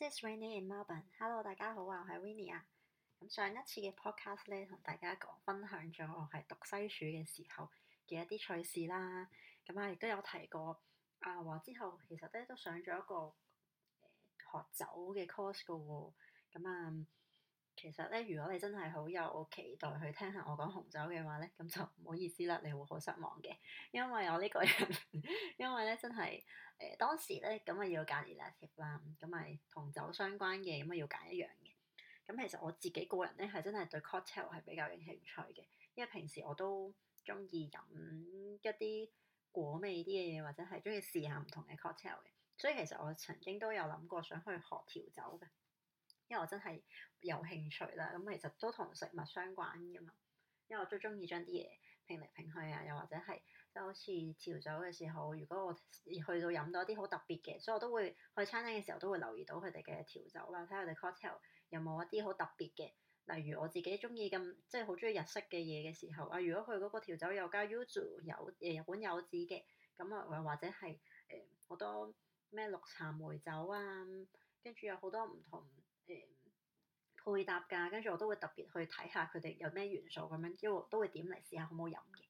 This is Winnie in Melbourne. Hello，大家好啊，我係 Winnie 啊。咁上一次嘅 podcast 咧，同大家講分享咗我係讀西廚嘅時候嘅一啲趣事啦。咁啊，亦都有提過啊，話之後其實咧都上咗一個學酒嘅 course 噶喎。咁啊。其實咧，如果你真係好有期待去聽下我講紅酒嘅話咧，咁就唔好意思啦，你會好失望嘅，因為我呢個人，因為咧真係誒、呃、當時咧咁咪要揀 elective 啦，咁咪同酒相關嘅咁咪要揀一樣嘅。咁其實我自己個人咧係真係對 cocktail 係比較有興趣嘅，因為平時我都鍾意飲一啲果味啲嘅嘢，或者係鍾意試下唔同嘅 cocktail 嘅。所以其實我曾經都有諗過想去學調酒嘅。因為我真係有興趣啦，咁其實都同食物相關嘅嘛。因為我最鍾意將啲嘢拼嚟拼去啊，又或者係就好似調酒嘅時候，如果我去到飲到一啲好特別嘅，所以我都會去餐廳嘅時候都會留意到佢哋嘅調酒啦，睇下佢哋 cocktail 有冇一啲好特別嘅。例如我自己鍾意咁即係好鍾意日式嘅嘢嘅時候啊，如果佢嗰個調酒又加 yuzu 有誒日本柚子嘅，咁啊或者係誒好多咩綠茶梅酒啊，跟住有好多唔同。誒、嗯、配搭㗎，跟住我都會特別去睇下佢哋有咩元素咁樣，因為我都會點嚟試下好唔好飲嘅。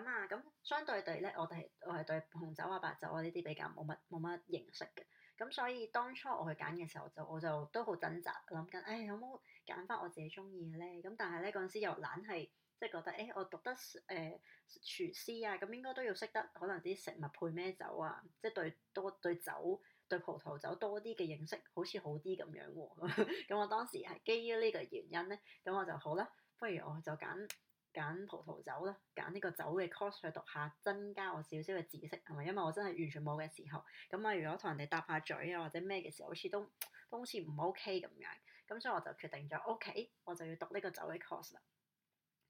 咁啊，咁相對地呢，我哋我係對紅酒啊、白酒啊呢啲比較冇乜冇乜認識嘅。咁所以當初我去揀嘅時候就，就我就都好掙扎，諗緊誒有冇揀翻我自己中意嘅呢？咁但係呢，嗰陣時又懶係，即係覺得唉、欸，我讀得誒、呃、廚師啊，咁應該都要識得可能啲食物配咩酒啊，即係對多對酒。對葡萄酒多啲嘅認識好似好啲咁樣喎、啊，咁 我當時係基於呢個原因呢，咁我就好啦，不如我就揀揀葡萄酒啦，揀呢個酒嘅 course 去讀下，增加我少少嘅知識，係咪？因為我真係完全冇嘅時候，咁啊，如果同人哋搭下嘴啊，或者咩嘅時候，好似都都好似唔 OK 咁樣，咁所以我就決定咗，OK，我就要讀呢個酒嘅 course 啦。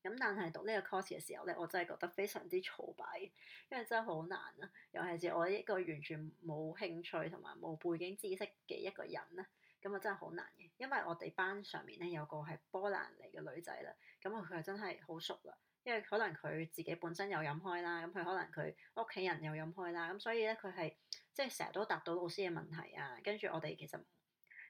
咁但係讀呢個 course 嘅時候呢，我真係覺得非常之挫敗，因為真係好難啊！尤其是我一個完全冇興趣同埋冇背景知識嘅一個人咧，咁啊真係好難嘅。因為我哋班上面呢，有個係波蘭嚟嘅女仔啦，咁啊佢係真係好熟啦，因為可能佢自己本身又飲開啦，咁佢可能佢屋企人又飲開啦，咁所以呢，佢係即係成日都答到老師嘅問題啊！跟住我哋其實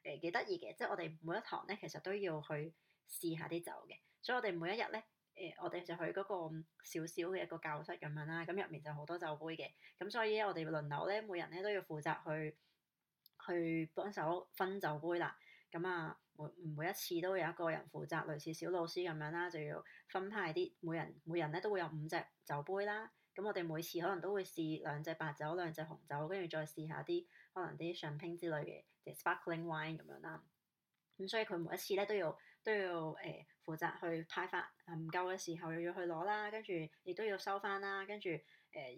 誒幾得意嘅，即係我哋每一堂呢，其實都要去試下啲酒嘅，所以我哋每一日呢。誒、呃，我哋就去嗰個少少嘅一個教室咁樣啦，咁入面就好多酒杯嘅，咁所以我哋輪流呢，每人呢都要負責去去幫手分酒杯啦。咁啊，每每一次都有一個人負責，類似小老師咁樣啦、啊，就要分派啲，每人每人呢都會有五隻酒杯啦。咁我哋每次可能都會試兩隻白酒，兩隻紅酒，跟住再試一下啲可能啲香檳之類嘅，即係 sparkling wine 咁樣啦、啊。咁所以佢每一次呢都要都要誒，呃負責去派發，唔夠嘅時候又要去攞啦，跟住亦都要收翻啦，跟住誒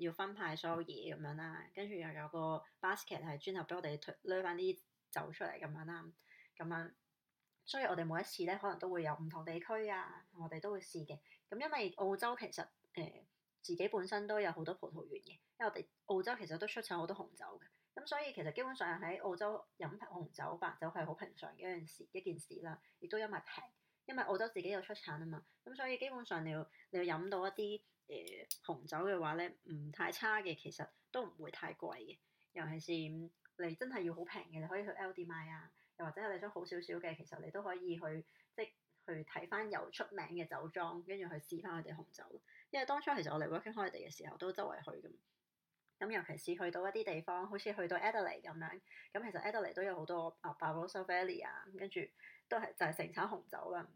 要分派所有嘢咁樣啦，跟住又有個 basket 係專門畀我哋推，攞翻啲酒出嚟咁樣啦，咁樣。所以我哋每一次咧，可能都會有唔同地區啊，我哋都會試嘅。咁因為澳洲其實誒、呃、自己本身都有好多葡萄園嘅，因為我哋澳洲其實都出產好多紅酒嘅，咁所以其實基本上喺澳洲飲紅酒、白酒係好平常嘅一件事一件事啦，亦都因為平。因為澳洲自己有出產啊嘛，咁所以基本上你要你要飲到一啲誒、呃、紅酒嘅話咧，唔太差嘅其實都唔會太貴嘅。尤其是你真係要好平嘅，你可以去 Aldi 買啊。又或者你想好少少嘅，其實你都可以去即係去睇翻有出名嘅酒莊，跟住去試翻佢哋紅酒。因為當初其實我嚟 Working Holiday 嘅時候都周圍去咁。咁尤其是去到一啲地方，好似去到 Adelaide 咁樣，咁其實 Adelaide 都有好多啊 Barossa Valley 啊，跟住。都係就係、是、盛產紅酒啦，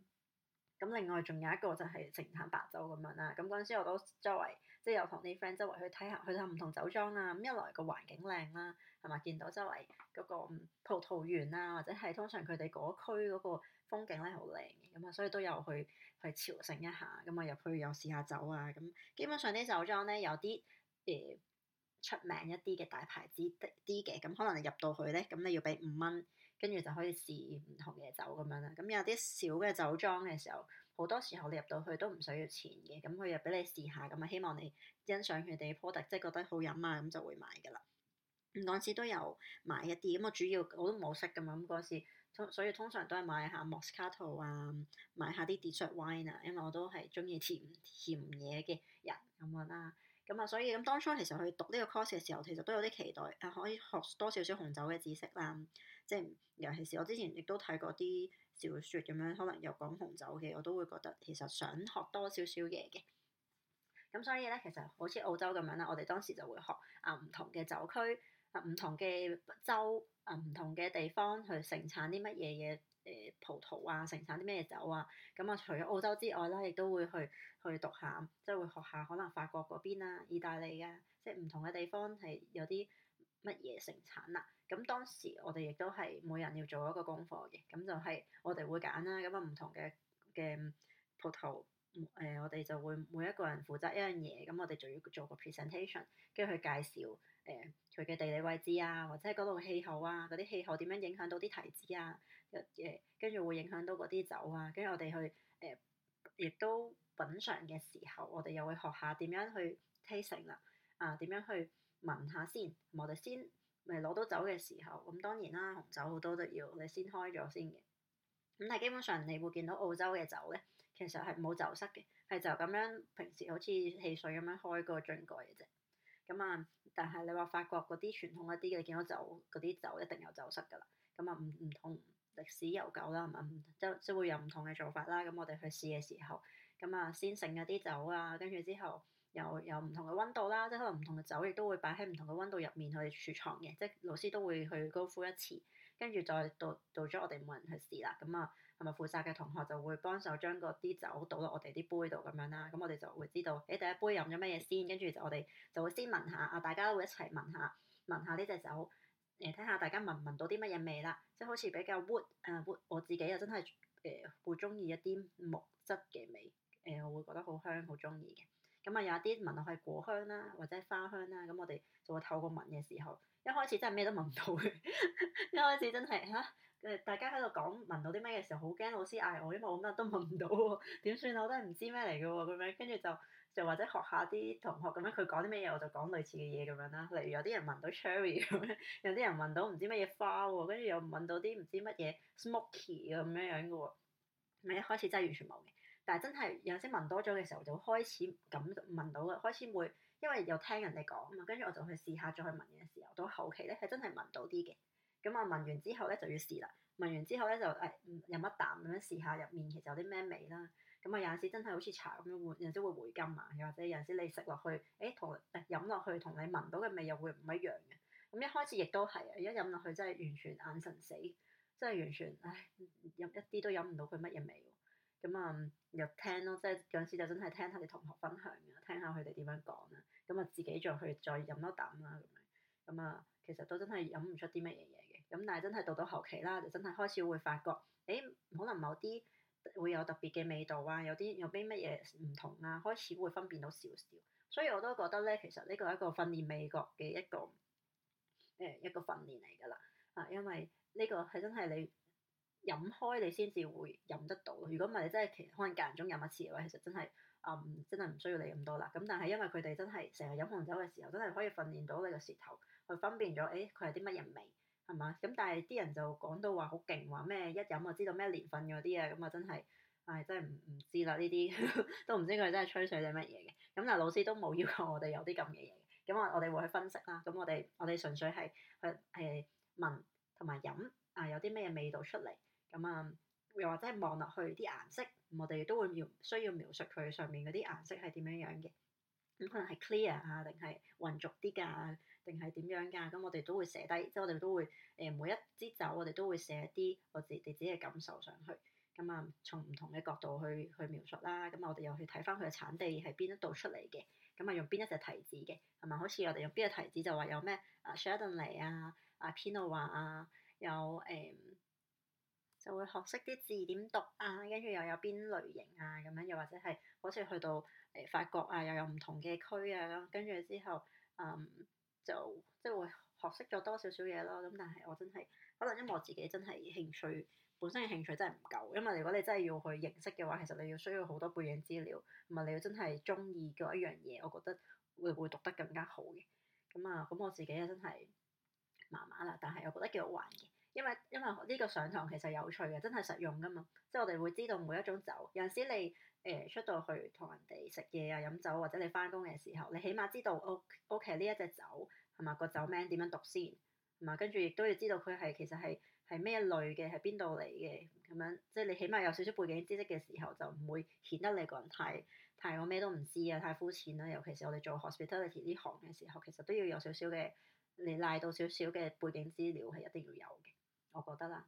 咁另外仲有一個就係盛產白酒咁樣啦。咁嗰陣時我都周圍，即係有同啲 friend 周圍去睇下，去睇唔同酒莊啦。咁一來個環境靚啦，係咪見到周圍嗰個葡萄園啊，或者係通常佢哋嗰區嗰個風景咧好靚嘅，咁啊，所以都有去去朝聖一下。咁啊，入去又試下酒啊。咁基本上啲酒莊咧有啲誒、呃、出名一啲嘅大牌子啲嘅，咁可能你入到去咧，咁你要俾五蚊。跟住就可以試唔同嘅酒咁樣啦。咁有啲小嘅酒莊嘅時候，好多時候你入到去都唔需要錢嘅。咁佢又俾你試下，咁啊，希望你欣賞佢哋 product，即係覺得好飲啊，咁就會買㗎啦。嗰陣時都有買一啲，咁我主要我都冇識㗎嘛。咁嗰陣時所以通常都係買下 Moscato 啊，買下啲 dessert wine 啊，因為我都係中意甜甜嘢嘅人咁樣啦。咁啊，所以咁當初其實去讀呢個 course 嘅時候，其實都有啲期待，啊可以學多少少紅酒嘅知識啦。即係尤其是我之前亦都睇過啲小説咁樣，可能有講紅酒嘅，我都會覺得其實想學多少少嘢嘅。咁所以呢，其實好似澳洲咁樣啦，我哋當時就會學啊唔同嘅酒區啊唔同嘅州啊唔同嘅地方去盛產啲乜嘢嘢誒葡萄啊，盛產啲咩酒啊。咁啊，除咗澳洲之外啦，亦都會去去讀下，即係會學下可能法國嗰邊啊、意大利嘅、啊，即係唔同嘅地方係有啲。乜嘢成產啦？咁當時我哋亦都係每人要做一個功課嘅，咁就係我哋會揀啦，咁啊唔同嘅嘅葡萄，誒、呃、我哋就會每一個人負責一樣嘢，咁我哋就要做個 presentation，跟住去介紹誒佢嘅地理位置啊，或者嗰度氣候啊，嗰啲氣候點樣影響到啲提子啊，誒跟住會影響到嗰啲酒啊，跟住我哋去誒亦、呃、都品嘗嘅時候，我哋又會學下點樣去 tasting 啦、啊，啊點樣去。聞下先，我哋先咪攞到酒嘅時候，咁當然啦，紅酒好多都要你先開咗先嘅。咁但係基本上你會見到澳洲嘅酒呢，其實係冇酒塞嘅，係就咁樣，平時好似汽水咁樣開個樽蓋嘅啫。咁啊，但係你話法國嗰啲傳統一啲嘅，你見到酒嗰啲酒一定有酒塞噶啦。咁啊，唔唔同歷史悠久啦，係咪？即即會有唔同嘅做法啦。咁我哋去試嘅時候，咁啊先醒咗啲酒啊，跟住之後。有有唔同嘅溫度啦，即係可能唔同嘅酒亦都會擺喺唔同嘅溫度入面去儲藏嘅，即係老師都會去高呼一次，跟住再到到咗我哋冇人去試啦，咁啊同埋負責嘅同學就會幫手將嗰啲酒倒落我哋啲杯度咁樣啦，啊，咁我哋就會知道誒、欸、第一杯飲咗乜嘢先，跟住就我哋就會先聞下啊，大家都會一齊聞下聞下呢隻酒誒，睇、呃、下大家聞唔聞到啲乜嘢味啦，即係好似比較 wood 誒、呃、wood 我自己又真係誒、呃、會中意一啲木質嘅味誒、呃，我會覺得好香，好中意嘅。咁啊、嗯，有啲聞落去果香啦，或者花香啦，咁、嗯、我哋就會透過聞嘅時候，一開始真係咩都聞唔到嘅， 一開始真係嚇，大家喺度講聞到啲咩嘅時候，好驚老師嗌我，因為我乜都聞唔到喎，點算？我都係唔知咩嚟㗎喎，咁樣跟住就就或者學下啲同學咁樣，佢講啲咩嘢我就講類似嘅嘢咁樣啦。例如有啲人聞到 cherry 咁樣，有啲人聞到唔知乜嘢花喎，跟住又聞到啲唔知乜嘢 smoky 咁樣樣嘅喎，咪一開始真係完全冇嘅。但係真係有陣時聞多咗嘅時候，就開始咁聞到啦，開始會因為又聽人哋講啊嘛，跟住我就去試下再去聞嘅時候，到後期咧係真係聞到啲嘅。咁啊聞完之後咧就要試啦，聞完之後咧就誒飲一啖咁樣試下入面其實有啲咩味啦。咁啊有陣時真係好似茶咁樣，有陣時會回甘啊，又或者有陣時你食落去，誒同誒飲落去同你聞到嘅味又會唔一樣嘅。咁一開始亦都係，一飲落去真係完全眼神死，真係完全唉一啲都飲唔到佢乜嘢味。咁啊、嗯，又聽咯，即係嗰陣時就真係聽下啲同學分享啊，聽下佢哋點樣講啊。咁、嗯、啊，自己再去再飲多啖啦。咁、嗯、啊，其實都真係飲唔出啲乜嘢嘢嘅。咁但係真係到到後期啦，就真係開始會發覺，誒、欸，可能某啲會有特別嘅味道啊，有啲有啲乜嘢唔同啊，開始會分辨到少少。所以我都覺得咧，其實呢個係一個訓練味覺嘅一個誒、欸、一個訓練嚟噶啦。啊，因為呢個係真係你。飲開你先至會飲得到，如果唔係你真係其可能間唔中飲一次嘅話，其實真係誒、嗯、真係唔需要理咁多啦。咁但係因為佢哋真係成日飲紅酒嘅時候，真係可以訓練到你嘅舌頭去分辨咗，誒佢係啲乜嘢味係嘛？咁但係啲人就講到話好勁，話咩一飲就知道咩年份嗰啲啊，咁、嗯、啊，真係唉、哎，真係唔唔知啦，呢啲都唔知佢哋真係吹水定乜嘢嘅。咁但係老師都冇要求我哋有啲咁嘅嘢，咁我我哋會去分析啦。咁我哋我哋純粹係去誒聞同埋飲啊，有啲咩味道出嚟。咁啊，又或者係望落去啲顏色，我哋都會描需要描述佢上面嗰啲顏色係點樣樣嘅，咁可能係 clear 啊，定係渾濁啲噶，定係點樣噶？咁我哋都會寫低，即係我哋都會誒每一支酒我哋都會寫啲我自己自己嘅感受上去。咁啊，從唔同嘅角度去去描述啦。咁啊，我哋又去睇翻佢嘅產地係邊一度出嚟嘅，咁啊用邊一隻提子嘅，同埋好似我哋用邊隻提子，提子就話有咩啊 Chardonnay 啊，阿、啊、Pinot 啊，有誒。啊就會學識啲字點讀啊，跟住又有邊類型啊，咁樣又或者係好似去到誒、呃、法國啊，又有唔同嘅區啊，咁跟住之後、嗯、就即係會學識咗多少少嘢咯。咁但係我真係可能因為我自己真係興趣本身嘅興趣真係唔夠，因為如果你真係要去認識嘅話，其實你要需要好多背景資料，唔係你要真係中意嗰一樣嘢，我覺得會會讀得更加好嘅。咁、嗯、啊，咁我自己啊真係麻麻啦，但係我覺得幾好玩嘅。因為因為呢個上堂其實有趣嘅，真係實用噶嘛。即係我哋會知道每一種酒。有陣時你誒、呃、出到去同人哋食嘢啊、飲酒或者你返工嘅時候，你起碼知道屋屋企呢一隻酒係嘛、嗰個酒名點樣讀先，嘛跟住亦都要知道佢係其實係係咩類嘅，係邊度嚟嘅咁樣。即係你起碼有少少背景知識嘅時候，就唔會顯得你個人太太我咩都唔知啊，太膚淺啦。尤其是我哋做 hospitality 呢行嘅時候，其實都要有少少嘅你賴到少少嘅背景資料係一定要有嘅。我覺得啦，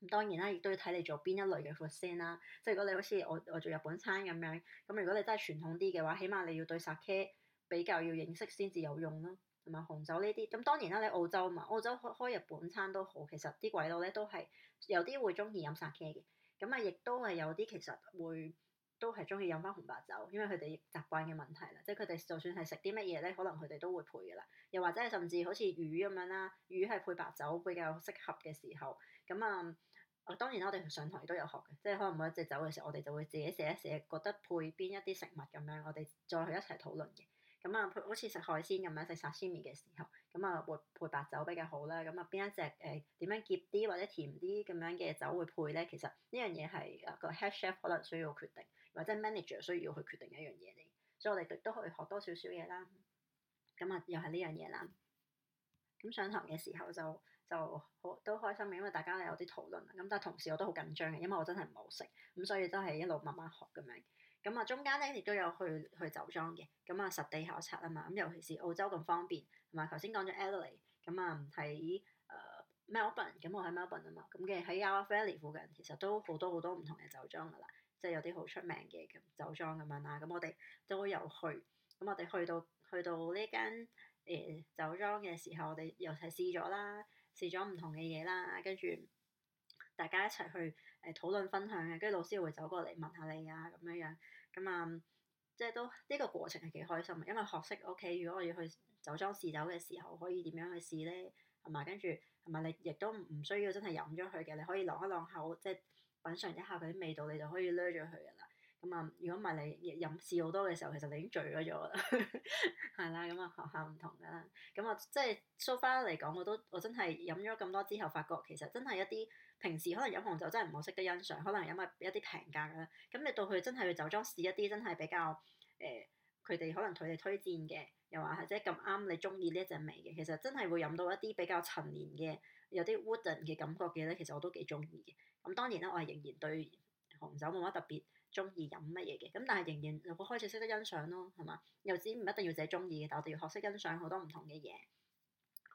咁當然啦，亦都要睇你做邊一類嘅貨先啦。即係如果你好似我我做日本餐咁樣，咁如果你真係傳統啲嘅話，起碼你要對 Sake 比較要認識先至有用咯。同埋紅酒呢啲，咁當然啦，你澳洲嘛，澳洲開開日本餐都好，其實啲鬼佬呢都係有啲會鍾意飲 Sake 嘅，咁啊亦都係有啲其實會。都係中意飲翻紅白酒，因為佢哋習慣嘅問題啦。即係佢哋就算係食啲乜嘢咧，可能佢哋都會配噶啦。又或者係甚至好似魚咁樣啦，魚係配白酒比較適合嘅時候。咁、嗯、啊，當然啦，我哋上堂亦都有學嘅，即係可能每一隻酒嘅時候，我哋就會自己寫一寫，覺得配邊一啲食物咁樣，我哋再去一齊討論嘅。咁、嗯、啊，好似食海鮮咁樣食沙鮮麵嘅時候，咁、嗯、啊會配白酒比較好啦。咁啊邊一隻誒點、呃、樣澀啲或者甜啲咁樣嘅酒會配咧？其實呢樣嘢係個 head chef 可能需要決定。或者 manager 需要去決定一樣嘢嚟，所以我哋都可以學多少少嘢啦。咁啊，又係呢樣嘢啦。咁上堂嘅時候就就好都開心嘅，因為大家有啲討論。咁但係同時我都好緊張嘅，因為我真係唔係好識。咁所以都係一路慢慢學咁樣。咁啊，中間呢亦都有去去酒莊嘅。咁啊，實地考察啊嘛。咁尤其是澳洲咁方便，同埋頭先講咗 Adelaide 咁啊，喺、uh, 誒 Melbourne，咁我喺 Melbourne 啊嘛。咁嘅喺 Yarra Valley 附近，其實都好多好多唔同嘅酒莊噶啦。即係有啲好出名嘅酒莊咁樣啦，咁我哋都有去。咁我哋去到去到呢間誒酒莊嘅時候，我哋又一齊試咗啦，試咗唔同嘅嘢啦，跟住大家一齊去誒討論分享嘅。跟住老師會走過嚟問下你啊咁樣樣。咁啊、嗯，即係都呢、這個過程係幾開心嘅，因為學識 OK。如果我要去酒莊試酒嘅時候，可以點樣去試呢？同埋跟住同埋你亦都唔需要真係飲咗佢嘅，你可以晾一晾口即係。品嚐一下佢啲味道，你就可以掠咗佢噶啦。咁啊，如果唔係你飲試好多嘅時候，其實你已經醉咗咗啦。係 啦，咁啊學校唔同啦。咁啊，即係 so far 嚟講，我都我真係飲咗咁多之後，發覺其實真係一啲平時可能飲紅酒真係唔好識得欣賞，可能飲埋一啲平價啦。咁你到去真係去酒莊試一啲真係比較誒，佢、呃、哋可能佢哋推薦嘅，又或者咁啱你中意呢一隻味嘅，其實真係會飲到一啲比較陳年嘅。有啲 wooden 嘅感覺嘅咧，其實我都幾中意嘅。咁當然啦，我係仍然對紅酒冇乜特別中意飲乜嘢嘅。咁但係仍然我開始識得欣賞咯，係嘛？又知唔一定要自己中意嘅，但我哋要學識欣賞好多唔同嘅嘢。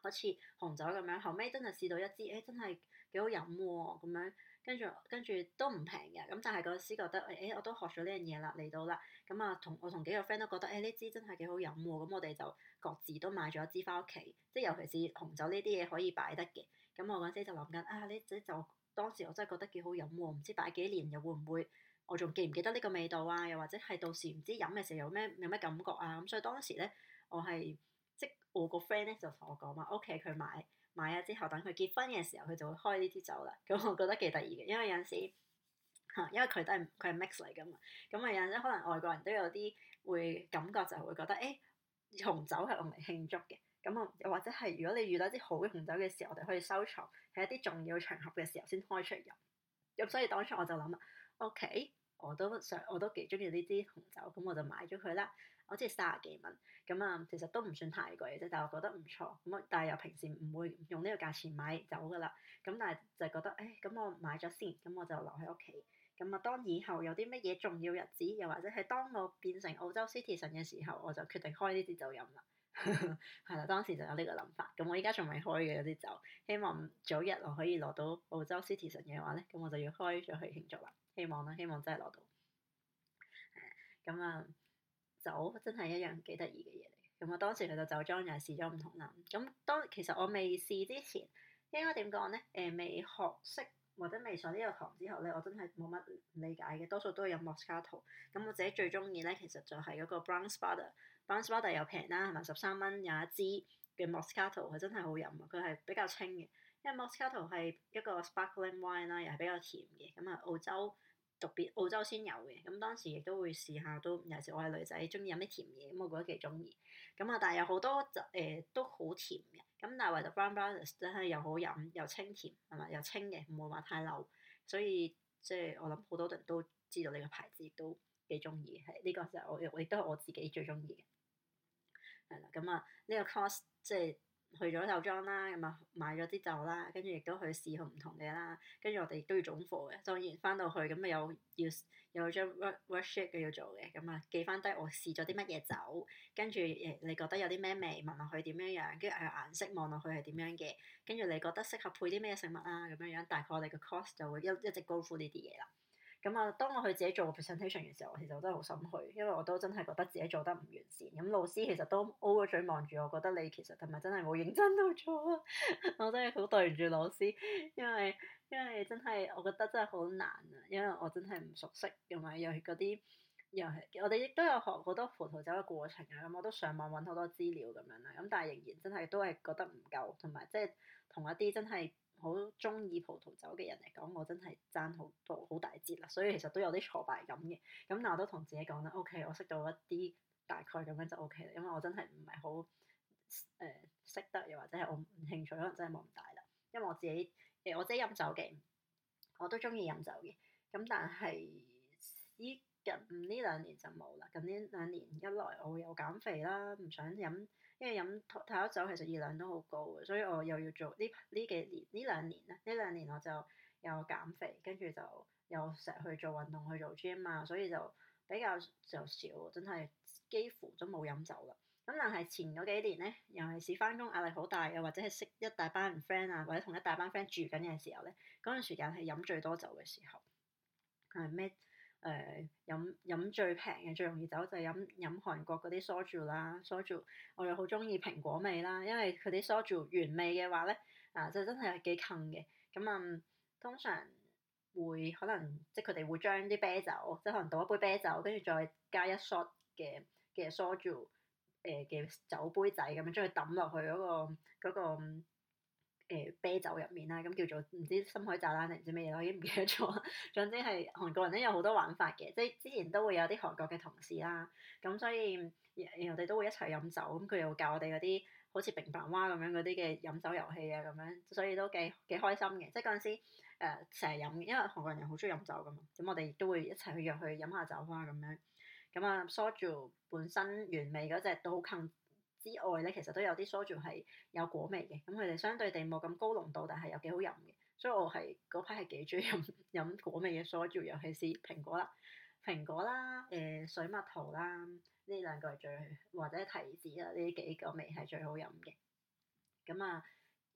好似紅酒咁樣，後尾真係試到一支，唉、欸，真係幾好飲喎咁樣。跟住跟住都唔平嘅，咁但係嗰陣時覺得唉、欸，我都學咗呢樣嘢啦，嚟到啦。咁啊，同我同幾個 friend 都覺得唉，呢支真係幾好飲喎。咁我哋就各自都買咗一支返屋企，即係尤其是紅酒呢啲嘢可以擺得嘅。咁我嗰陣時就諗緊啊，呢支酒，當時我真係覺得幾好飲喎，唔知擺幾年又會唔會我仲記唔記得呢個味道啊？又或者係到時唔知飲嘅時候有咩有咩感覺啊？咁所以當時咧，我係即我個 friend 咧就同我講啊，OK 佢買買咗之後，等佢結婚嘅時候佢就會開呢支酒啦。咁我覺得幾得意嘅，因為有陣時嚇、啊，因為佢都係佢係 mix 嚟噶嘛。咁啊有陣時可能外國人都有啲會感覺就會覺得誒、欸、紅酒係用嚟慶祝嘅。咁啊，又或者係如果你遇到啲好嘅紅酒嘅時候，我哋可以收藏，喺一啲重要場合嘅時候先開出嚟飲。咁所以當初我就諗啊，OK，我都想我都幾中意呢支紅酒，咁我就買咗佢啦。我知係卅幾蚊，咁啊其實都唔算太貴啫，但係我覺得唔錯。咁啊，但係又平時唔會用呢個價錢買酒噶啦。咁但係就覺得，誒、欸、咁我買咗先，咁我就留喺屋企。咁啊，當以後有啲乜嘢重要日子，又或者係當我變成澳洲 citizen 嘅時候，我就決定開呢支酒飲啦。係啦， 當時就有呢個諗法，咁我依家仲未開嘅嗰啲酒，希望早日我可以攞到澳洲 Citizen 嘅話呢，咁我就要開咗去慶祝啦。希望啦，希望真係攞到。咁啊，酒真係一樣幾得意嘅嘢嚟。咁我當時去到酒莊又係試咗唔同啦。咁當其實我未試之前，應該點講呢？誒、呃，未學識。或者未上呢個堂之後咧，我真係冇乜理解嘅，多數都係飲莫斯卡托。咁我自己最中意咧，其實就係嗰個 Brown Brothers，Brown Brothers 又平啦，係咪十三蚊有一支嘅莫斯卡托？佢真係好飲啊！佢係比較清嘅，因為莫斯卡托係一個 sparkling wine 啦，又係比較甜嘅。咁啊，澳洲特別澳洲先有嘅。咁當時亦都會試下，都尤其是我係女仔，中意飲啲甜嘢，咁我覺得幾中意。咁啊， 但係有、呃、Br 有好多就誒都好甜嘅，咁但係唯獨 Brown Brothers 真係又好飲又清甜，係咪又清嘅？唔會話太濃，所以即係我諗好多人都知道呢個牌子，都幾中意。係呢、呢個就我亦都係我自己最中意嘅，係啦，咁啊呢個 class 即係。去咗酒莊啦，咁啊買咗啲酒啦，跟住亦都去試好唔同嘅啦，跟住我哋都要總貨嘅。當然翻到去咁咪有要有張 work work sheet 嘅要做嘅，咁啊記翻低我試咗啲乜嘢酒，跟住誒你覺得有啲咩味，問下佢點樣樣，跟住係顏色望落去係點樣嘅，跟住你覺得適合配啲咩食物啊咁樣樣，大概我哋嘅 cost 就會一一直高呼呢啲嘢啦。咁啊、嗯，當我去自己做 presentation 嘅時候，我其實我真係好心虛，因為我都真係覺得自己做得唔完善。咁、嗯、老師其實都 o 咗嘴望住我，覺得你其實同埋真係冇認真到咗， 我真係好對唔住老師，因為因為真係我覺得真係好難啊，因為我真係唔熟悉，又咪又係嗰啲又係我哋亦都有學好多葡萄酒嘅過程啊，咁、嗯、我都上網揾好多資料咁樣啦，咁、嗯、但係仍然真係都係覺得唔夠，同埋即係同一啲真係。好中意葡萄酒嘅人嚟講，我真係爭好多好大截啦，所以其實都有啲挫敗感嘅。咁但我都同自己講啦，O K，我識到一啲大概咁樣就 O K 啦，因為我真係唔係好誒識得，又或者係我唔興趣，可能真係冇咁大啦。因為我自己誒、呃，我自己飲酒嘅，我都中意飲酒嘅。咁但係依近呢兩年就冇啦。咁呢兩年一來，我有減肥啦，唔想飲。因為飲太多酒其實熱量都好高嘅，所以我又要做呢呢幾年呢兩年咧，呢兩年我就有減肥，跟住就有成日去做運動去做 gym 啊，所以就比較就少，真係幾乎都冇飲酒啦。咁但係前嗰幾年呢，尤其是翻工壓力好大又或者係識一大班人 friend 啊，或者同一大班 friend 住緊嘅時候呢，嗰陣時間係飲最多酒嘅時候。係咩？唉、呃，飲飲最平嘅最容易酒就係、是、飲飲韓國嗰啲 soju 啦，soju 我就好中意蘋果味啦，因為佢啲 soju 原味嘅話呢，啊、呃，就真係幾近嘅。咁、嗯、啊，通常會可能即係佢哋會將啲啤酒即係可能倒一杯啤酒，跟住再加一 shot 嘅嘅 soju 誒嘅酒杯仔咁樣將佢抌落去嗰個嗰個。那個誒、呃、啤酒入面、嗯、啦，咁叫做唔知深海炸彈定唔知咩嘢啦，已經唔記得咗。 總之係韓國人呢，有好多玩法嘅，即係之前都會有啲韓國嘅同事啦，咁所以我哋都會一齊飲酒，咁佢又教我哋嗰啲好似平板蛙咁樣嗰啲嘅飲酒遊戲啊咁樣，所以都幾幾開心嘅。即係嗰陣時誒成日飲，因為韓國人好鍾意飲酒噶嘛，咁我哋都會一齊去約去飲下酒啊咁樣。咁、嗯、啊，Soju 本身原味嗰隻都好坑。之外咧，其實都有啲 s o 蘇專係有果味嘅，咁佢哋相對地冇咁高濃度，但係又幾好飲嘅。所以我係嗰陣係幾中意飲飲果味嘅 s o 蘇專，尤其是蘋果啦、蘋果啦、誒、呃、水蜜桃啦，呢兩個係最，或者提子啦，呢幾個味係最好飲嘅。咁啊，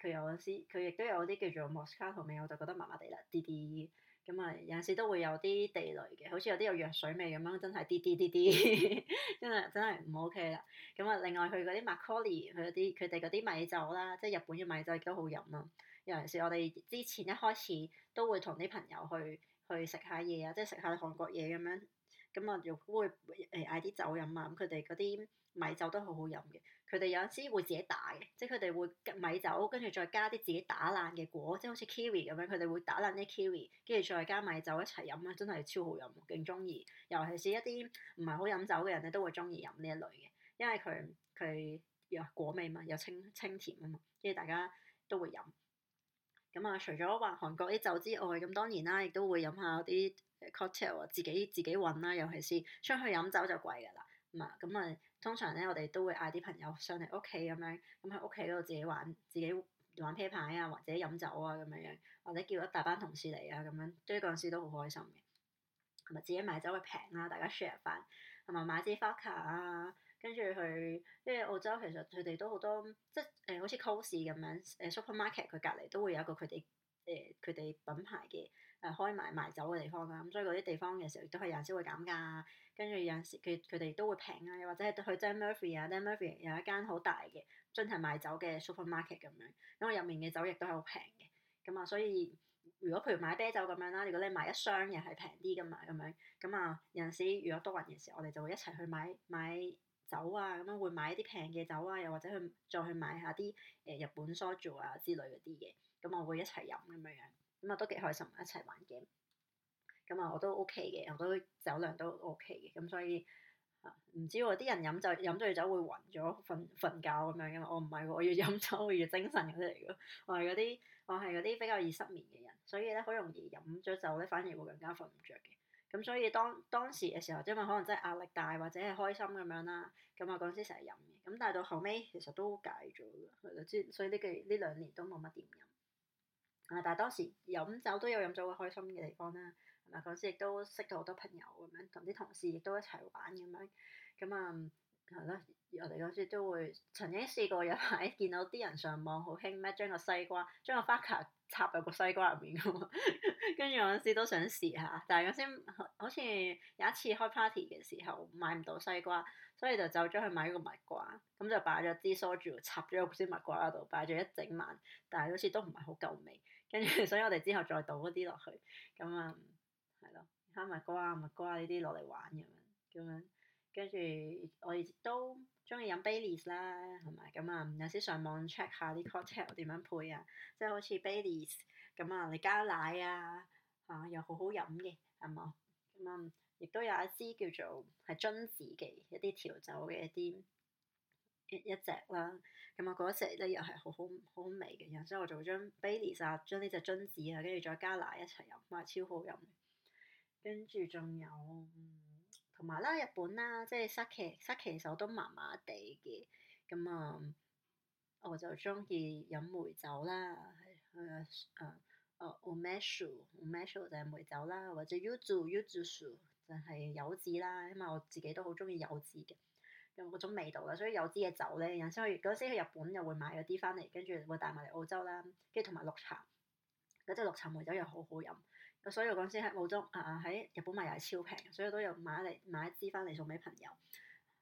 佢有啲，佢亦都有啲叫做 Moscato 味，我就覺得麻麻地啦，啲啲。咁啊、嗯，有陣時都會有啲地雷嘅，好似有啲有藥水味咁樣，真係滴滴滴滴， 真係真係唔 OK 啦。咁、嗯、啊，另外去嗰啲 Macaulay 佢嗰啲佢哋嗰啲米酒啦，即係日本嘅米酒亦都好飲啊。有陣時我哋之前一開始都會同啲朋友去去食下嘢啊，即係食下韓國嘢咁樣。咁啊，又會誒嗌啲酒飲啊，咁佢哋嗰啲米酒都好好飲嘅。佢哋有陣時會自己打嘅，即係佢哋會米酒，跟住再加啲自己打爛嘅果，即係好似 kiwi 咁樣，佢哋會打爛啲 kiwi，跟住再加米酒一齊飲啊，真係超好飲，勁中意。尤其是一啲唔係好飲酒嘅人咧，都會中意飲呢一類嘅，因為佢佢有果味嘛，又清清甜啊嘛，跟住大家都會飲。咁啊，除咗話韓國啲酒之外，咁當然啦，啊，亦都會飲下啲。cocktail 啊，自己自己揾啦，尤其是出去飲酒就貴噶啦，嘛咁啊，通常咧我哋都會嗌啲朋友上嚟屋企咁樣，咁喺屋企嗰度自己玩自己玩啤牌啊，或者飲酒啊咁樣樣，或者叫一大班同事嚟啊咁樣，即係嗰陣時都好開心嘅，同埋自己買酒會平啦，大家 share 翻，同埋買啲 focaccia 啊，跟住去，因為澳洲其實佢哋都好多，即係誒、呃、好似 COS 咁樣，誒 supermarket 佢隔離都會有一個佢哋誒佢哋品牌嘅。誒開賣賣酒嘅地方啦，咁所以嗰啲地方嘅時候亦都係有時會減價，跟住有時佢佢哋都會平啊，又或者去 Dan Murphy 啊，Dan Murphy 有一間好大嘅真係賣酒嘅 supermarket 咁樣，因為入面嘅酒亦都係好平嘅，咁啊，所以如果譬如買啤酒咁樣啦，如果你買一箱嘅係平啲噶嘛，咁樣咁啊，有陣時如果多人嘅時候，我哋就會一齊去買買酒啊，咁樣會買一啲平嘅酒啊，又或者去再去買下啲誒日本 soju 啊之類嗰啲嘢，咁我會一齊飲咁樣。咁啊，都幾開心，一齊玩 game。咁啊，我都 OK 嘅，我都酒量都 OK 嘅。咁所以唔知喎，啲人飲就飲醉酒會暈咗、瞓瞓覺咁樣嘅嘛。我唔係喎，我要飲酒會要精神嗰啲嚟嘅。我係嗰啲，我係嗰啲比較易失眠嘅人，所以咧好容易飲咗酒咧，反而會更加瞓唔着嘅。咁所以當當時嘅時候，因為可能真係壓力大或者係開心咁樣啦，咁啊嗰陣時成日飲嘅。咁但到後尾其實都戒咗啦，之所以呢幾呢兩年都冇乜點飲。但係當時飲酒都有飲酒嘅開心嘅地方啦，同埋嗰時亦都識咗好多朋友咁樣，同啲同事亦都一齊玩咁樣。咁啊，係、嗯、咯，我哋嗰陣時都會曾經試過有排見到啲人上網好興咩，將個，個西瓜將個花卡插入個西瓜入面咁，跟住嗰陣時都想試下，但係嗰陣時好似有一次開 party 嘅時候買唔到西瓜，所以就走咗去買一個蜜瓜，咁就擺咗支梳住插咗喺個蜜瓜度，擺咗一整晚，但係好似都唔係好夠味。跟住， 所以我哋之後再倒嗰啲落去，咁啊，係咯，哈密瓜、蜜瓜呢啲落嚟玩咁樣，咁樣，跟住我哋都鍾意飲 Baileys 啦，係咪？咁啊，有時上網 check 下啲 cocktail 點樣配啊，即係好似 Baileys 咁啊，你加奶啊，啊又好好飲嘅，係嘛？咁啊，亦都有一支叫做係榛子嘅一啲調酒嘅一啲。一隻啦，咁我嗰隻咧又係好好好味嘅，然之後我就會將 Baileys 啊，將呢隻榛子啊，跟住再加奶一齊飲，哇超好飲！跟住仲有同埋啦，日本啦，即係 sake sake 其實我都麻麻地嘅，咁啊，我就中意飲梅酒啦，係啊啊啊 umeshu umeshu 就係梅酒啦，或者 yuzu yuzu 就係柚子啦，因為我自己都好中意柚子嘅。有嗰種味道啦，所以有支嘢酒呢。有陣時去嗰陣時去日本又會買嗰啲翻嚟，跟住會帶埋嚟澳洲啦，跟住同埋綠茶嗰隻綠茶梅酒又好好飲。所以我嗰陣時喺澳洲啊，喺日本買又係超平，所以我都有買嚟買一支翻嚟送俾朋友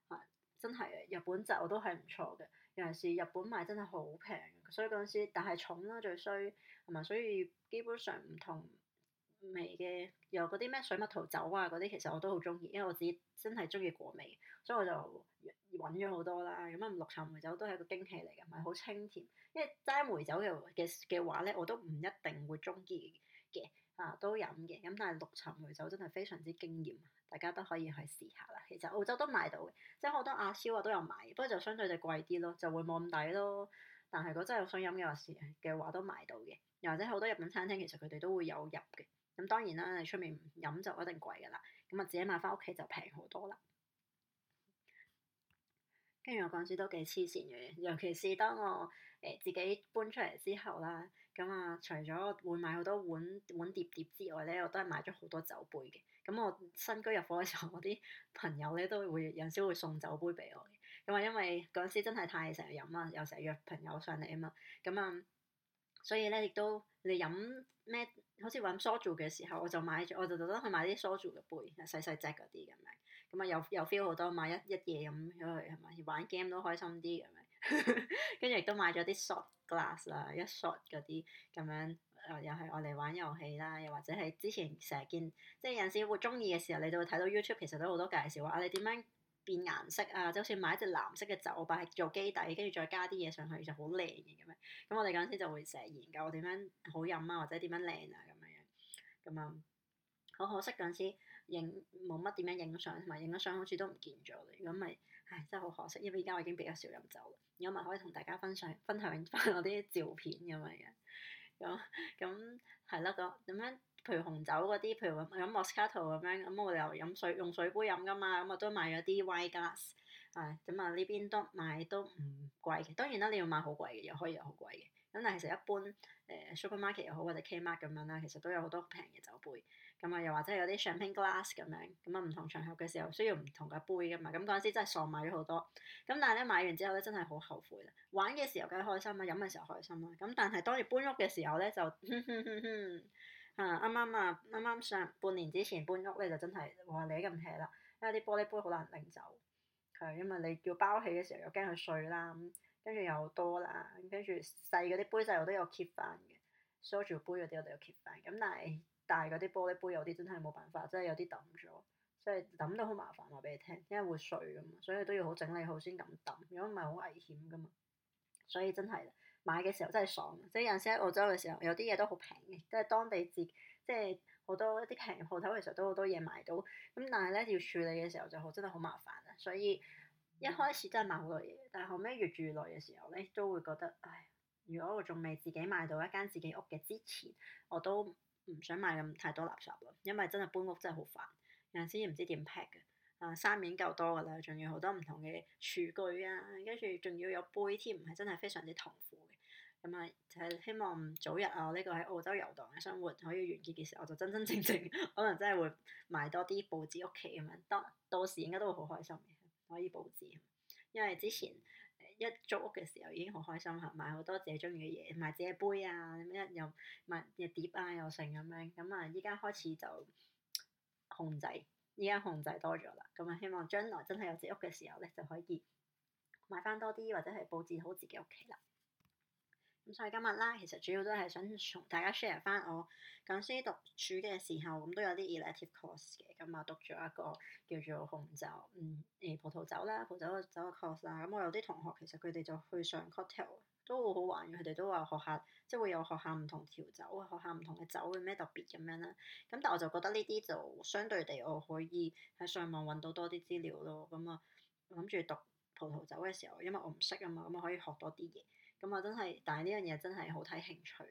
啊！真係日本酒都係唔錯嘅，尤其是日本買真係好平，所以嗰陣時，但係重啦最衰，同埋所以基本上唔同。味嘅有嗰啲咩水蜜桃酒啊，嗰啲其實我都好中意，因為我自己真係中意果味，所以我就揾咗好多啦。咁啊，綠茶梅酒都係一個驚喜嚟嘅，唔係好清甜。因為齋梅酒嘅嘅嘅話呢，我都唔一定會中意嘅，啊都飲嘅咁。但係綠茶梅酒真係非常之驚豔，大家都可以去試下啦。其實澳洲都買到嘅，即係好多亞超啊都有買，不過就相對就貴啲咯，就會冇咁抵咯。但係如果真係有想飲嘅話時嘅話都買到嘅，又或者好多日本餐廳其實佢哋都會有入嘅。咁當然啦，你出面飲就一定貴㗎啦，咁、嗯、啊自己買返屋企就平好多啦。跟住我嗰陣時都幾黐線嘅，尤其是當我誒、呃、自己搬出嚟之後啦，咁、嗯、啊除咗會買好多碗碗碟碟碟之外呢，我都係買咗好多酒杯嘅。咁、嗯、我新居入伙嘅時候，我啲朋友呢都會有時會送酒杯俾我嘅，咁、嗯、啊，因為嗰陣時真係太成日飲啊，又成日約朋友上嚟啊嘛，咁、嗯、啊～、嗯所以咧，亦都你飲咩？好似玩 soju 嘅時候，我就買咗，我就特登去買啲 soju 嘅杯，細細隻嗰啲咁樣。咁啊，又又 feel 好多，買一一嘢咁去係咪玩 game 都開心啲咁樣？跟住亦都買咗啲 shot glass 啦，一 shot 嗰啲咁樣。又係我哋玩遊戲啦，又或者係之前成日見，即係有陣時會中意嘅時候，你都會睇到 YouTube 其實都好多介紹話你點樣。變顏色啊，就係好似買一隻藍色嘅酒擺喺做基底，跟住再加啲嘢上去，就好靚嘅咁樣。咁我哋嗰陣時就會成日研究點樣好飲啊，或者點樣靚啊咁樣。咁啊，好可惜嗰陣時影冇乜點樣影相，同埋影咗相好似都唔見咗。如果唔係，唉，真係好可惜，因為而家我已經比較少飲酒。如果唔係，可以同大家分享分享翻我啲照片咁樣嘅。咁咁係啦，咁咁樣。譬如紅酒嗰啲，譬如飲 Moscato 咁樣，咁我哋又飲水用水杯飲噶嘛，咁我都買咗啲 wine glass，啊、哎，咁啊呢邊都買都唔貴嘅。當然啦，你要買好貴嘅，又可以又好貴嘅。咁但係其實一般誒、呃、supermarket 又好或者 Kmart 咁樣啦，其實都有好多平嘅酒杯。咁啊又或者有啲 champagne glass 咁樣，咁啊唔同場合嘅時候需要唔同嘅杯噶嘛。咁嗰陣時真係喪買咗好多，咁但係咧買完之後咧真係好後悔啦。玩嘅時候梗係開心啦，飲嘅時候開心啦，咁但係當你搬屋嘅時候咧就呵呵呵呵～嗯、剛剛啊，啱啱啊，啱啱上半年之前搬屋咧就真係「話你咁 hea 啦，因為啲玻璃杯好難拎走，係因為你要包起嘅時候又驚佢碎啦，跟住又多啦，跟住細嗰啲杯仔我都有 keep 翻嘅 shot 杯嗰啲我都有 keep 翻，咁但係大嗰啲玻璃杯有啲真係冇辦法，真係有啲揼咗，即係揼都好麻煩話俾你聽，因為會碎噶嘛，所以都要好整理好先噉揼，如果唔係好危險噶嘛，所以真係。買嘅時候真係爽，爽，即係有陣時喺澳洲嘅時候，有啲嘢都好平嘅，即係當地自，即係好多一啲平鋪頭，其實都好多嘢買到。咁但係咧要處理嘅時候就好，真係好麻煩啊！所以一開始真係買好多嘢，但係後尾越住越耐嘅時候咧，都會覺得唉，如果我仲未自己買到一間自己屋嘅之前，我都唔想買咁太多垃圾啦，因為真係搬屋真係好煩，有陣時唔知點 pack 嘅，啊衫面夠多㗎啦，仲要好多唔同嘅廚具啊，跟住仲要有杯添，係真係非常之痛苦。咁啊，就係希望早日啊，呢個喺澳洲遊蕩嘅生活可以完結嘅時候，我就真真正正可能真係會買多啲佈置屋企咁樣，到到時應該都會好開心，嘅，可以佈置。因為之前一租屋嘅時候已經好開心嚇，買好多自己中意嘅嘢，買自己杯啊，咁又，又，又買嘢碟啊又剩咁樣，咁啊依家開始就控制，依家控制多咗啦。咁啊希望將來真係有自己屋嘅時候咧，就可以買翻多啲或者係佈置好自己屋企啦。咁所以今日啦，其實主要都係想同大家 share 翻我咁先讀書嘅時候，咁都有啲 elective course 嘅。咁、嗯、啊讀咗一個叫做紅酒，嗯誒、欸、葡萄酒啦，葡萄酒嘅 course 啦。咁、嗯、我有啲同學其實佢哋就去上 cocktail 都好好玩嘅，佢哋都話學下即係、就是、會有學下唔同調酒，學下唔同嘅酒有咩特別咁樣啦。咁、嗯、但係我就覺得呢啲就相對地我可以喺上網揾到多啲資料咯。咁啊諗住讀葡萄酒嘅時候，因為我唔識啊嘛，咁、嗯、我可以學多啲嘢。咁啊，我真係，但係呢樣嘢真係好睇興趣。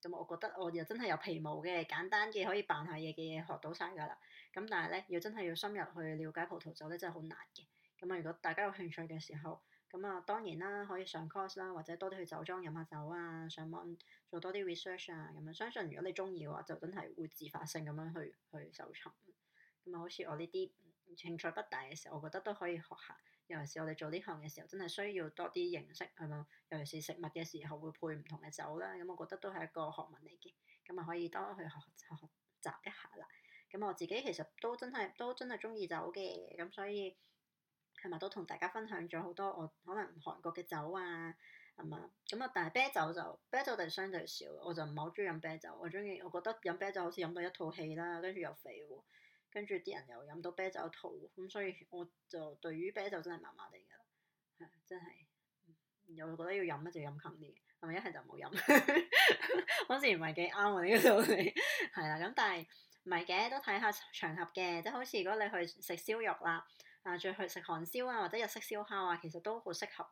咁我覺得我又真係有皮毛嘅，簡單嘅可以扮下嘢嘅嘢學到晒㗎啦。咁但係咧，要真係要深入去了解葡萄酒咧，真係好難嘅。咁啊，如果大家有興趣嘅時候，咁啊當然啦，可以上 course 啦，或者多啲去酒莊飲下酒啊，上網做多啲 research 啊，咁樣相信如果你中意嘅話，就真係會自發性咁樣去去搜尋。咁啊，好似我呢啲興趣不大嘅時候，我覺得都可以學下。尤其是我哋做呢行嘅時候，真係需要多啲認識，係咪？尤其是食物嘅時候會配唔同嘅酒啦，咁、嗯、我覺得都係一個學問嚟嘅，咁、嗯、啊可以多去學學習一下啦。咁、嗯、我自己其實都真係都真係中意酒嘅，咁、嗯、所以係咪都同大家分享咗好多我可能韓國嘅酒啊，係咪？咁、嗯、啊，但係啤酒就啤酒就相對少，我就唔係好中意飲啤酒，我中意我覺得飲啤酒好似飲到一肚氣啦，跟住又肥喎。跟住啲人又飲到啤酒肚，咁所以我就對於啤酒真係麻麻地㗎啦，係、嗯、真係，我覺得要飲咧就飲近啲，係咪一係就冇飲？嗰 時唔係幾啱喎，呢個道理。係啦，咁但係唔係嘅，都睇下場合嘅，即係好似如果你去食燒肉啦，啊，再去食韓燒啊或者日式燒烤啊，其實都好適合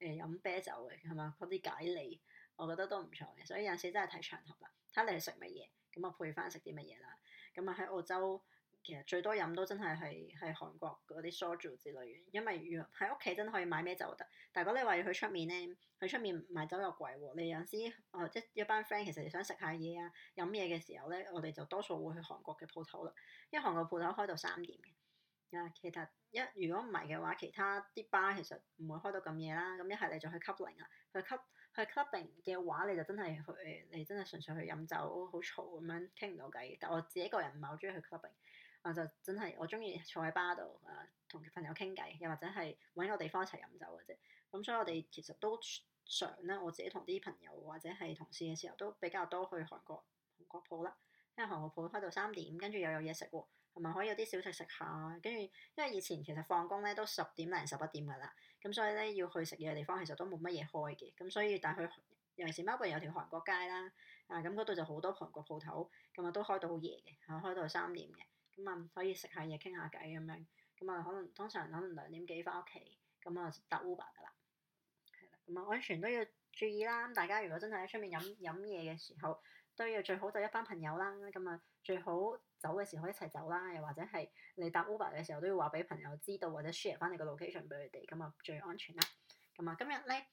誒飲、呃、啤酒嘅，係嘛？嗰啲解膩，我覺得都唔錯嘅，所以有時真係睇場合啦，睇你去食乜嘢，咁啊配返食啲乜嘢啦，咁啊喺澳洲。其實最多飲都真係係係韓國嗰啲 soju 之類，因為如果喺屋企真可以買咩酒得，但係如果你話要去出面咧，去出面買酒又貴喎、啊。你有時哦、呃、一一班 friend 其實想食下嘢啊飲嘢嘅時候咧，我哋就多數會去韓國嘅鋪頭啦，因為韓國鋪頭開到三點嘅。啊，其實一如果唔係嘅話，其他啲吧其實唔會開到咁夜啦。咁一係你就去 clubbing 啊，去 club 去 clubbing 嘅話，你就真係去你真係純粹去飲酒，好嘈，咁樣傾唔到偈。但我自己一個人唔係好中意去 clubbing。我就真係，我中意坐喺吧度啊，同、呃、朋友傾偈，又或者係揾個地方一齊飲酒嘅啫。咁所以我哋其實都想咧，我自己同啲朋友或者係同事嘅時候都比較多去韓國韓國鋪啦。因為韓國鋪開到三點，跟住又有嘢食喎，同埋可以有啲小食食下。跟住因為以前其實放工咧都十點零十一點㗎啦，咁所以咧要去食嘢嘅地方其實都冇乜嘢開嘅。咁所以但去，尤其是貓背有條韓國街啦，啊咁嗰度就好多韓國鋪頭，咁啊都開到好夜嘅，開到三點嘅。咁啊、嗯，可以食下嘢傾下偈咁樣，咁啊可能通常可能兩點幾翻屋企，咁啊搭 Uber 噶啦，係啦，咁啊安全都要注意啦。大家如果真係喺出面飲飲嘢嘅時候，都要最好就一班朋友啦。咁啊最好走嘅時候可以一齊走啦，又或者係你搭 Uber 嘅時候都要話俾朋友知道，或者 share 翻你個 location 俾佢哋，咁啊最安全啦。咁啊今日咧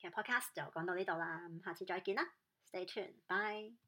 其實 podcast 就講到呢度啦，咁下次再見啦，stay tuned，bye。